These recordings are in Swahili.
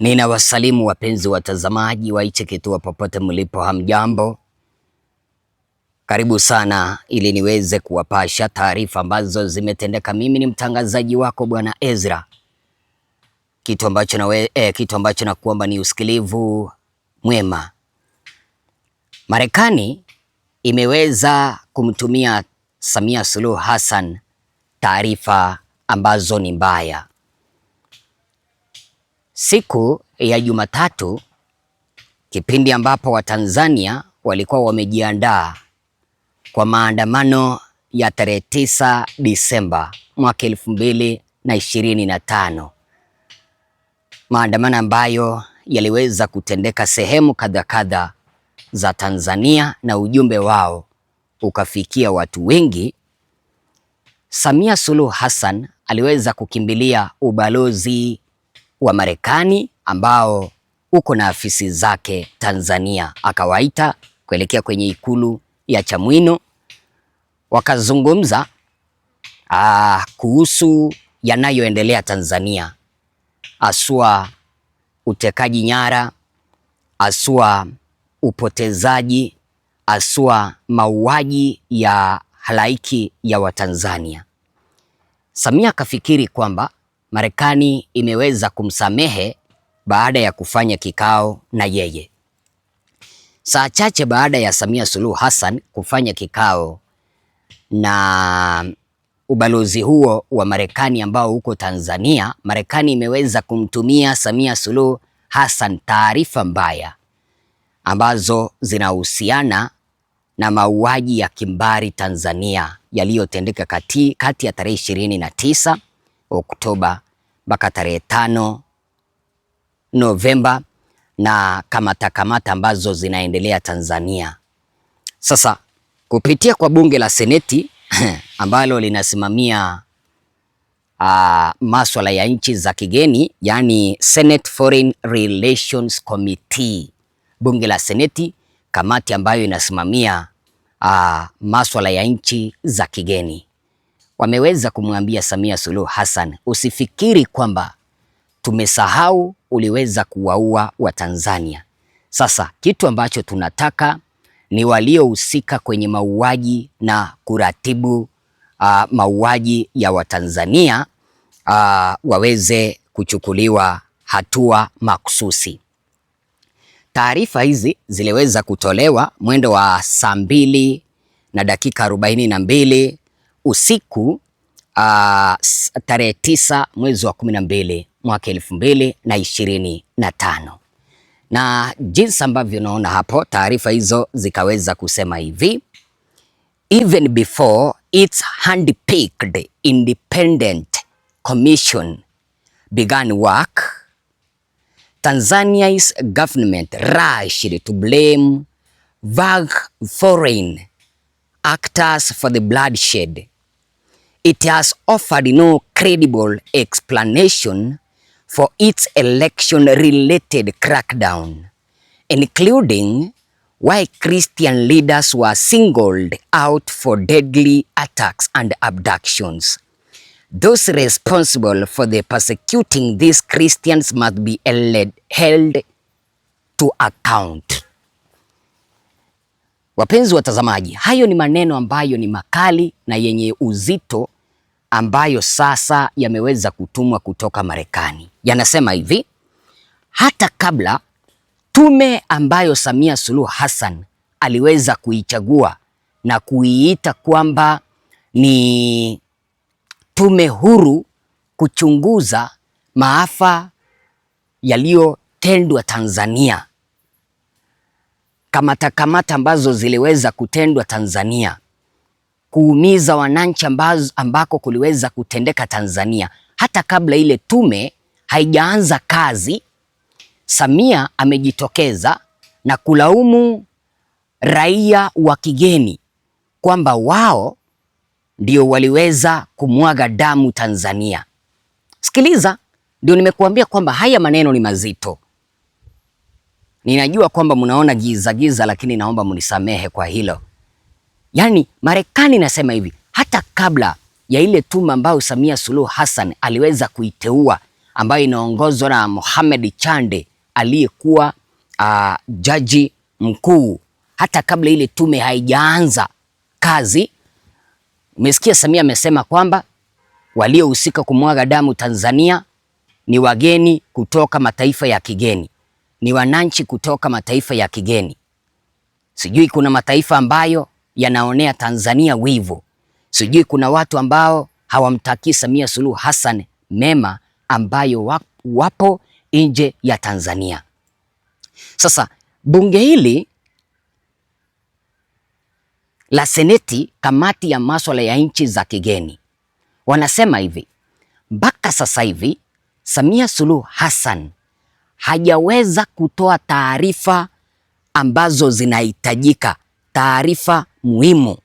Ninawasalimu wapenzi watazamaji wa hichi kituo popote mlipo, hamjambo? Karibu sana ili niweze kuwapasha taarifa ambazo zimetendeka. Mimi ni mtangazaji wako Bwana Ezra. Kitu ambacho na eh, kitu ambacho nakuomba ni usikilivu mwema. Marekani imeweza kumtumia Samia Suluhu Hassan taarifa ambazo ni mbaya. Siku ya Jumatatu, kipindi ambapo Watanzania walikuwa wamejiandaa kwa maandamano ya tarehe tisa Disemba mwaka elfu mbili na ishirini na tano, maandamano ambayo yaliweza kutendeka sehemu kadha kadha za Tanzania na ujumbe wao ukafikia watu wengi. Samia Suluhu Hassan aliweza kukimbilia ubalozi wa Marekani ambao uko na afisi zake Tanzania, akawaita kuelekea kwenye ikulu ya Chamwino, wakazungumza aa, ah, kuhusu yanayoendelea Tanzania, aswa utekaji nyara, aswa upotezaji, aswa mauaji ya halaiki ya Watanzania. Samia akafikiri kwamba Marekani imeweza kumsamehe baada ya kufanya kikao na yeye. Saa chache baada ya Samia Suluhu Hassan kufanya kikao na ubalozi huo wa Marekani ambao uko Tanzania, Marekani imeweza kumtumia Samia Suluhu Hassan taarifa mbaya ambazo zinahusiana na mauaji ya kimbari Tanzania yaliyotendeka kati, kati ya tarehe 29 Oktoba mpaka tarehe tano Novemba na kamata kamata ambazo zinaendelea Tanzania. Sasa kupitia kwa bunge la seneti ambalo linasimamia uh, maswala ya nchi za kigeni yani Senate Foreign Relations Committee, bunge la seneti, kamati ambayo inasimamia uh, maswala ya nchi za kigeni wameweza kumwambia Samia Suluhu Hassan, usifikiri kwamba tumesahau, uliweza kuwaua Watanzania. Sasa kitu ambacho tunataka ni waliohusika kwenye mauaji na kuratibu uh, mauaji ya Watanzania uh, waweze kuchukuliwa hatua makususi. Taarifa hizi ziliweza kutolewa mwendo wa saa mbili na dakika arobaini na mbili usiku uh, tarehe tisa mwezi wa kumi na mbili mwaka elfu mbili na ishirini na tano na jinsi ambavyo unaona hapo, taarifa hizo zikaweza kusema hivi: even before its handpicked independent commission began work Tanzania's government rushed to blame vague foreign actors for the bloodshed It has offered no credible explanation for its election-related crackdown, including why Christian leaders were singled out for deadly attacks and abductions. Those responsible for the persecuting these Christians must be held to account. Wapenzi watazamaji, hayo ni maneno ambayo ni makali na yenye uzito ambayo sasa yameweza kutumwa kutoka Marekani. Yanasema hivi: hata kabla tume ambayo Samia Suluhu Hassan aliweza kuichagua na kuiita kwamba ni tume huru kuchunguza maafa yaliyotendwa Tanzania kamata kamata ambazo ziliweza kutendwa Tanzania, kuumiza wananchi ambazo ambako kuliweza kutendeka Tanzania, hata kabla ile tume haijaanza kazi, Samia amejitokeza na kulaumu raia wa kigeni kwamba wao ndio waliweza kumwaga damu Tanzania. Sikiliza, ndio nimekuambia kwamba haya maneno ni mazito. Ninajua kwamba mnaona giza giza, lakini naomba mnisamehe kwa hilo. Yaani Marekani nasema hivi, hata kabla ya ile tume ambayo Samia Suluhu Hassan aliweza kuiteua ambayo inaongozwa na Mohamed Chande aliyekuwa uh, jaji mkuu, hata kabla ile tume haijaanza kazi, umesikia Samia amesema kwamba waliohusika kumwaga damu Tanzania ni wageni kutoka mataifa ya kigeni ni wananchi kutoka mataifa ya kigeni. Sijui kuna mataifa ambayo yanaonea Tanzania wivu, sijui kuna watu ambao hawamtakii Samia Suluhu Hassan mema ambayo wapo nje ya Tanzania. Sasa bunge hili la Seneti, kamati ya masuala ya nchi za kigeni, wanasema hivi mpaka sasa hivi Samia Suluhu Hassan hajaweza kutoa taarifa ambazo zinahitajika, taarifa muhimu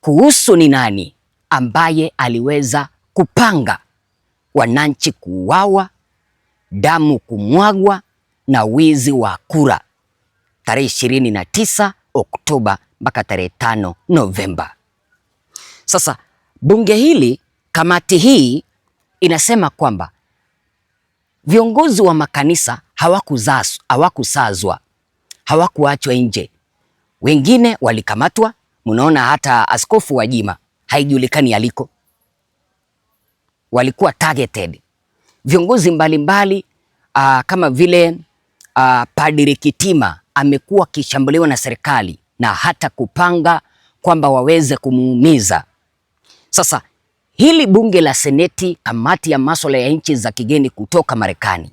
kuhusu ni nani ambaye aliweza kupanga wananchi kuuawa, damu kumwagwa na wizi wa kura tarehe 29 Oktoba mpaka tarehe 5 Novemba. Sasa bunge hili, kamati hii inasema kwamba Viongozi wa makanisa hawakuzazwa, hawakusazwa, hawakuachwa nje, wengine walikamatwa. Mnaona hata askofu wa jima haijulikani aliko, walikuwa targeted. Viongozi mbalimbali mbali, ah, kama vile aa, ah, Padri Kitima amekuwa akishambuliwa na serikali na hata kupanga kwamba waweze kumuumiza. Sasa Hili bunge la Seneti, kamati ya masuala ya nchi za kigeni kutoka Marekani,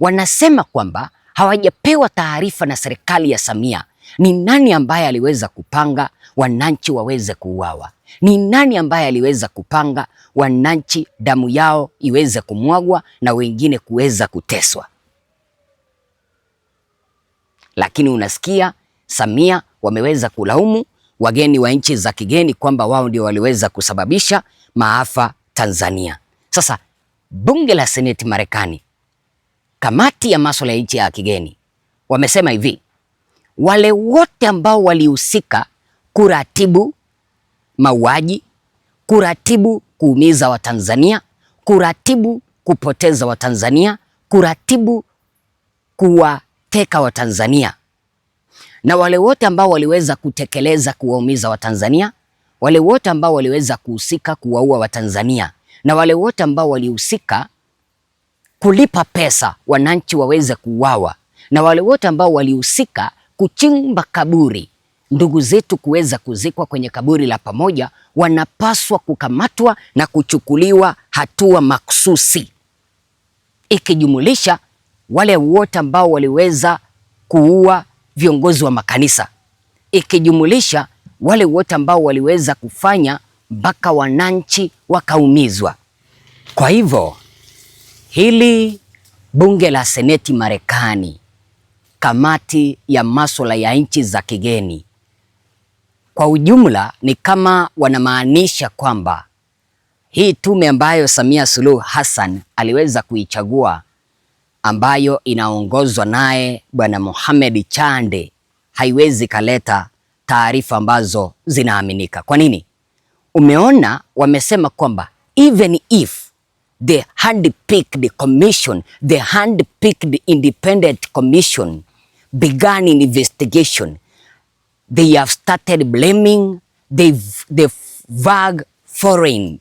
wanasema kwamba hawajapewa taarifa na serikali ya Samia ni nani ambaye aliweza kupanga wananchi waweze kuuawa, ni nani ambaye aliweza kupanga wananchi damu yao iweze kumwagwa na wengine kuweza kuteswa. Lakini unasikia Samia wameweza kulaumu wageni wa nchi za kigeni kwamba wao ndio waliweza kusababisha maafa Tanzania. Sasa bunge la seneti Marekani, kamati ya masuala ya nchi ya kigeni wamesema hivi, wale wote ambao walihusika kuratibu mauaji, kuratibu kuumiza Watanzania, kuratibu kupoteza Watanzania, kuratibu kuwateka Watanzania na wale wote ambao waliweza kutekeleza kuwaumiza Watanzania wale wote ambao waliweza kuhusika kuwaua Watanzania na wale wote ambao walihusika kulipa pesa wananchi waweze kuuawa na wale wote ambao walihusika kuchimba kaburi ndugu zetu kuweza kuzikwa kwenye kaburi la pamoja, wanapaswa kukamatwa na kuchukuliwa hatua maksusi, ikijumulisha wale wote ambao waliweza kuua viongozi wa makanisa, ikijumulisha wale wote ambao waliweza kufanya mpaka wananchi wakaumizwa. Kwa hivyo hili bunge la seneti Marekani, kamati ya masuala ya nchi za kigeni, kwa ujumla ni kama wanamaanisha kwamba hii tume ambayo Samia Suluhu Hassan aliweza kuichagua ambayo inaongozwa naye Bwana Mohamed Chande haiwezi kaleta taarifa ambazo zinaaminika. Kwa nini? Umeona, wamesema kwamba even if the handpicked commission, the handpicked independent commission began investigation they have started blaming the, the vague foreign,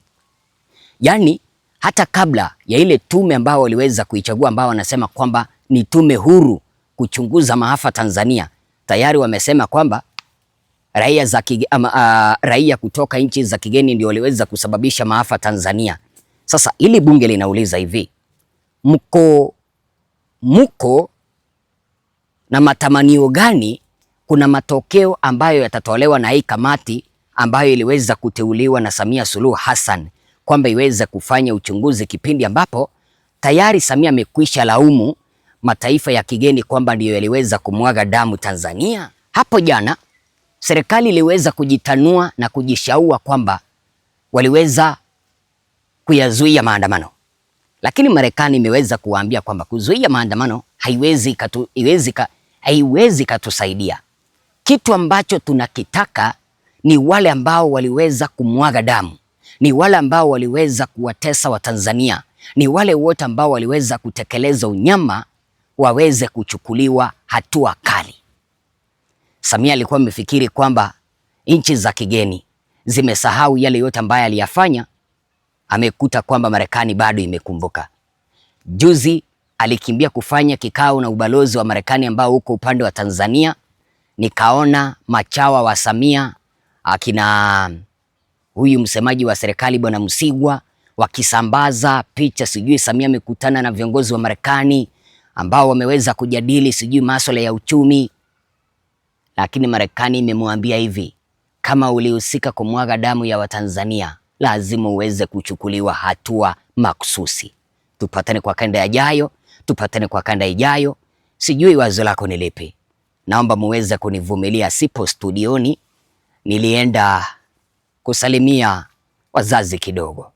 yani hata kabla ya ile tume ambao waliweza kuichagua ambao wanasema kwamba ni tume huru kuchunguza maafa Tanzania, tayari wamesema kwamba raia za kige, ama, uh, raia kutoka nchi za kigeni ndio waliweza kusababisha maafa Tanzania. Sasa hili bunge linauliza hivi, mko mko na matamanio gani? Kuna matokeo ambayo yatatolewa na hii kamati ambayo iliweza kuteuliwa na Samia Suluhu Hassan kwamba iweze kufanya uchunguzi, kipindi ambapo tayari Samia amekwisha laumu mataifa ya kigeni kwamba ndiyo yaliweza kumwaga damu Tanzania. Hapo jana serikali iliweza kujitanua na kujishaua kwamba waliweza kuyazuia maandamano, lakini Marekani imeweza kuwaambia kwamba kuzuia maandamano haiwezi katu, haiwezi, haiwezi katusaidia. Kitu ambacho tunakitaka ni wale ambao waliweza kumwaga damu, ni wale ambao waliweza kuwatesa Watanzania, ni wale wote ambao waliweza kutekeleza unyama waweze kuchukuliwa hatua kali. Samia alikuwa amefikiri kwamba nchi za kigeni zimesahau yale yote ambayo aliyafanya. Amekuta kwamba Marekani bado imekumbuka. Juzi alikimbia kufanya kikao na ubalozi wa Marekani ambao uko upande wa Tanzania. Nikaona machawa wa Samia akina huyu msemaji wa serikali Bwana Msigwa wakisambaza picha, sijui Samia amekutana na viongozi wa Marekani ambao wameweza kujadili sijui masuala ya uchumi, lakini Marekani imemwambia hivi, kama ulihusika kumwaga damu ya Watanzania lazima uweze kuchukuliwa hatua maksusi. Tupatane kwa kanda yajayo, tupatane kwa kanda ijayo. Sijui wazo lako ni lipi, naomba muweze kunivumilia. Sipo studioni, nilienda kusalimia wazazi kidogo.